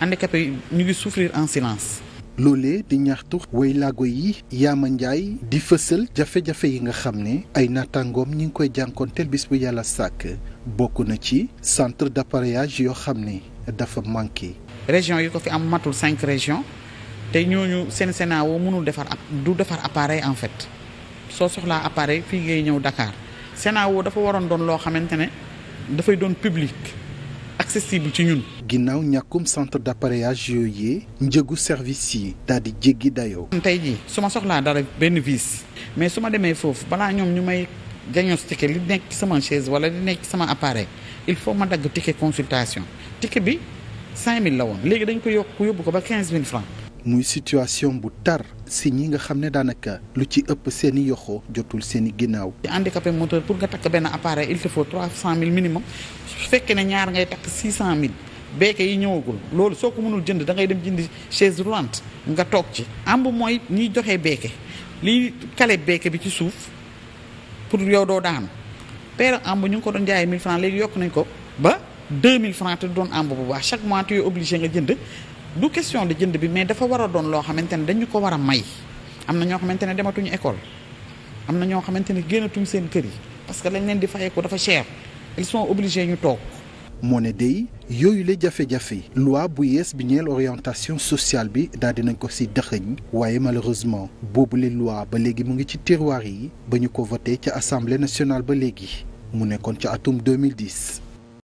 handicapés yi ñu ngi souffrir en silence. loolee di ñaxtu way laago yi Yaama Ndiaye di fësal jafe-jafe yi nga xam ne ay naataangoom ñi ngi koy jànkoon bis bu yàlla sàkk bokk na ci centre d'appareillage yoo xam ne dafa manqué. région yi ko fi am matul cinq régions te ñooñu seen Sénawoo mënul defar du defar appareil en fait soo soxlaa appareil fii ngay ñëw dakaar Sénawoo dafa waroon doon loo xamante ne dafay doon public. accessible ci ñun. ginnaaw ñàkkum centre d' appareillage yooyu njëgu service yi dal di jéggi dayoo. tey jii su ma soxlaa dara benn vis mais su ma demee foofu balaa ñoom ñu may diagnostiqué li nekk ci sama chaise wala li nekk ci sama appareil il faut ma dagg ticket consultation ticket bi 5000 la woon léegi dañ ko yokk yóbbu ko ba 15000 francs muy situation bu tar. si ñi nga xam ne daanaka lu ci ëpp seeni i yoxoo jotul seen i ginnaaw. handicapé moteur pour nga takk benn appareil il te faut trois mille minimum su fekkee ne ñaar ngay takk six cent mille beeke yi ñëwagul loolu soo ko mënul jënd da ngay dem jëndi chaise roulante nga toog ci. àmb mooy ñiy joxe beeke li kale beeke bi ci suuf pour yow doo daanu paire amb ñu ngi ko doon jaaye mille francs léegi yokk nañ ko ba deux mille francs te doon amb bu baax chaque mois tu es nga jënd. du question de jënd bi mais dafa war a doon loo xamante ne dañu ko war a may am na ñoo xamante ne dematuñu école am na ñoo xamante ne génnatuñu seen kër yi parce que lañ leen di fayeeku dafa cher ils sont obligés ñu toog. moo ne day yooyu la jafe-jafe loi bu yees bi ñeel orientation sociale bi daal dinañ ko si dëxëñ waaye malheureusement boobule loi ba léegi mu ngi ci tiroir yi ba ñu ko voté ca assemblée nationale ba léegi mu nekkoon ca atum 2010.